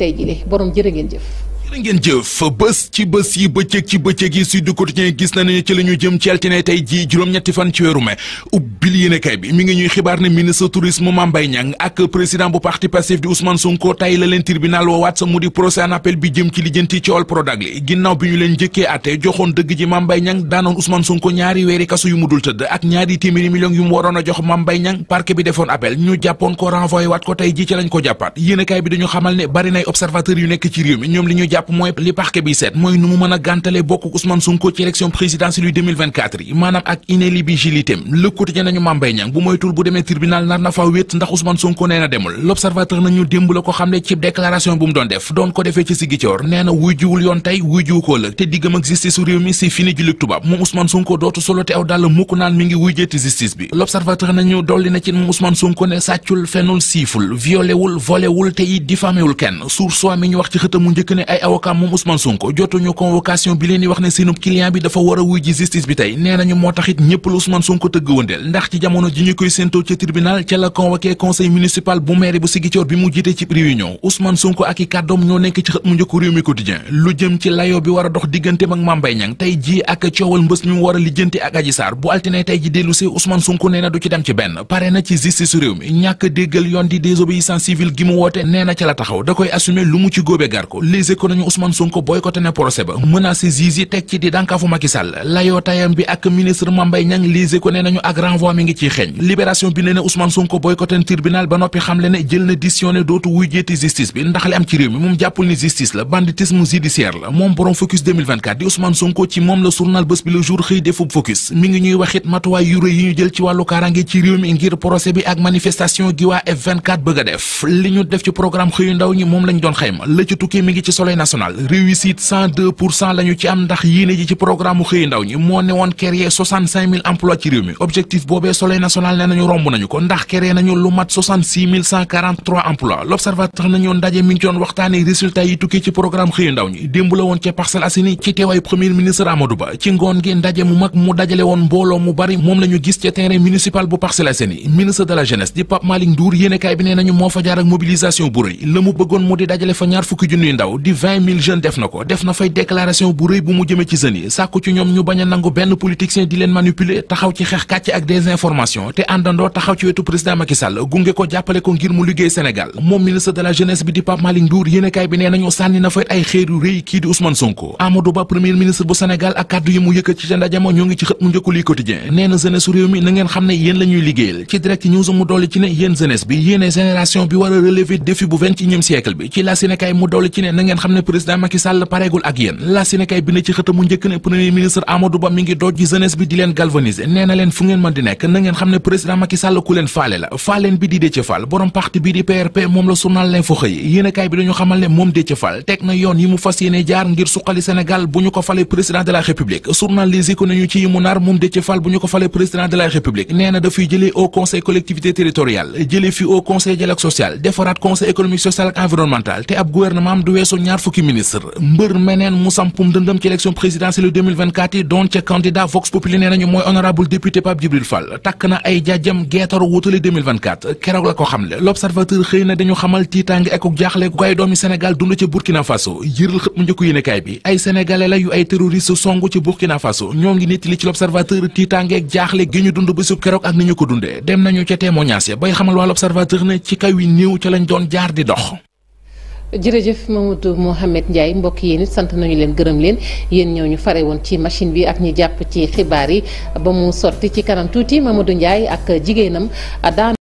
tey jii de borom jërë ngeen jëf. ngeen jëf bés ci bés yi bëccëg ci bëccëg yi Sud Quotidien gis na ne ci la jëm ci altine juróom-ñetti fan ci weeru mai ubbil yéenekaay bi mi ngi ñuy xibaar ne ministre tourisme Mame Mbaye ak président bu parti Pastef di Ousmane Sonko tay la leen tribunal sa mu di procès en appel bi jëm ci lijjanti coowal Prodac li ginnaaw bi ñu leen njëkkee àtte joxoon dëgg ji Mame Mbaye Niang daanoon Ousmane Sonko ñaari weeri kaso yu mu dul tëdd ak mooy li parquet bi seet mooy nu mu mën a gàntale bokk Ousmane Sonko ci élection présidentielle yi maanaam ak inéligibilité Le Quotidien nañu Mame Mbaye bu moytul bu demee tribunal nar na fa ndax Ousmane Sonko nee na demul L'Observateur nañu démb la ko xam ci déclaration bu mu doon def doon ko defee ci Ziguinchor nee na wujjuwul yoon tey wujjuwu ko la te diggam ak justice réew mi c'est fini jullit tubaab moom Ousmane Sonko dootu solo te aw dàll avocat moom Ousmane Sonko jotuñu convocation bi leen di wax ne seenub client bi dafa war a wuy ji justice bi tey nee nañu moo taxit ñëpp la Ousmane Sonko tëgg wëndeel ndax ci jamono ji ñu koy séentoo ca tribunal ca la convoqué conseil municipal bu maire bu Sigicoor bi mu jiite ci réunion Ousmane Sonko ak i kàddoom ñoo nekk ci xët mu njëkk réew mi quotidien lu jëm ci layo bi war dox digganteem ak Mame Mbaye tey ji ak coowal mbës mi mu war a gi mu woote nee na ca la nañu Ousmane Sonko boycotté na procès ba menacé juge ko ne nañu ak renvoi mi ngi ciy xeeñ libération bi ne ne Ousmane Sonko boycotté na tribunal ba na décision ne dootu wuy jeeti justice bi ndax li am ci réew mi moom jàppul ni justice la banditisme judiciaire la moom borom focus 2024 di Ousmane Sonko ci moom la journal bés bi le jour xëy defub focus mi ngi ñuy waxit matuwaay yu yi ñu jël ci wàllu kaaraange ci réew mi ngir procès bi ak manifestation gi waa F24 def li ñu def ci programme xëyu ndaw ñi moom lañ doon xayma la ci tukkee mi ngi ci soleil nationale réussite 102 pour cent la ñu ci am ndax yéene ji ci programme mu xëy ndaw ñi moo ne woon créer 65 000 emplois ci réew mi objectif boobee soleil national ne nañu romb nañu ko ndax créer nañu lu mat 66 143 emplois l'observateur nañu ndaje mi ngi doon waxtaanee résultats yi tukkee ci programme xëy ndaw ñi démb la woon ca Parcelles Assainies ci teewaayu premier ministre Amadou Ba ci ngoon gi ndaje mu mag mu dajale woon mbooloo mu bari moom la ñu gis ca terrain municipal bu Parcelles Assainies ministre de la jeunesse di Pape Malick Ndour yéene kaay bi nee nañu moo mu di dajale fa ñaar fukki junniy ndaw di def na ko def na fay déclaration bu rëy bu mu jëmee ci jeunes yi sàkku ci ñoom ñu bañ nangu benn politicien di leen manipuler taxaw ci xeex kàcc ak désinformation te àndandoo taxaw ci wetu président Macky gunge ko jàppale ko ngir mu liggéey Sénégal moom ministre de la jeunesse bi di Pape Malick Ndour yéenekaay bi nee nañu sànni na fay ay xeeru rëy kii di Ousmane Sonko Amadou Ba premier ministre bu Sénégal ak kàddu yi mu yëkkati ci ndaje ma ñoo ngi président Macky Sall pareegul ak yéen la si bi ne ci xëtamu njëkk ne premier ministre Amadou Ba mi ngi dooj ji bi di leen galvaniser nee leen fu ngeen mën di nekk na ngeen xam ne président Macky Sall ku leen faale la faaleen bi di Déthié Fall borom parti bi di PRP moom la journal L'Info xëy yéen bi dañu xamal ne moom Déthié Fall teg na yoon yi mu fas yéene jaar ngir suqali Sénégal bu ñu ko fale président de la République journal Les fukki ministre mbër meneen mu sampum dëndëm ci élection présidentielle 2024 yi doon ca candidat Vox Populi nee nañu mooy honorable député Pape Djibril Fall takk na ay jaajëm geetaru wutali keroog la ko xamle l'observateur xëy na dañu xamal tiitaange ak jaaxle gu ay doomi Sénégal dund ca Burkina Faso yëral xët mu njëkku yéenekaay bi ay sénégalais la yu ay terroriste songu ci Burkina Faso ñoo ngi nettali ci l'observateur tiitaange ak jaaxle gi ñu dund bésub keroog ak jërëjëf Mamadou Mouhamed Ndiaye mbokk yi sant nañu leen gërëm leen yéen ñoo ñu fare woon ci machine bi ak ñi jàpp ci xibaar yi ba mu sotti ci kanam tuuti Mamadou Ndiaye ak jigéenam daan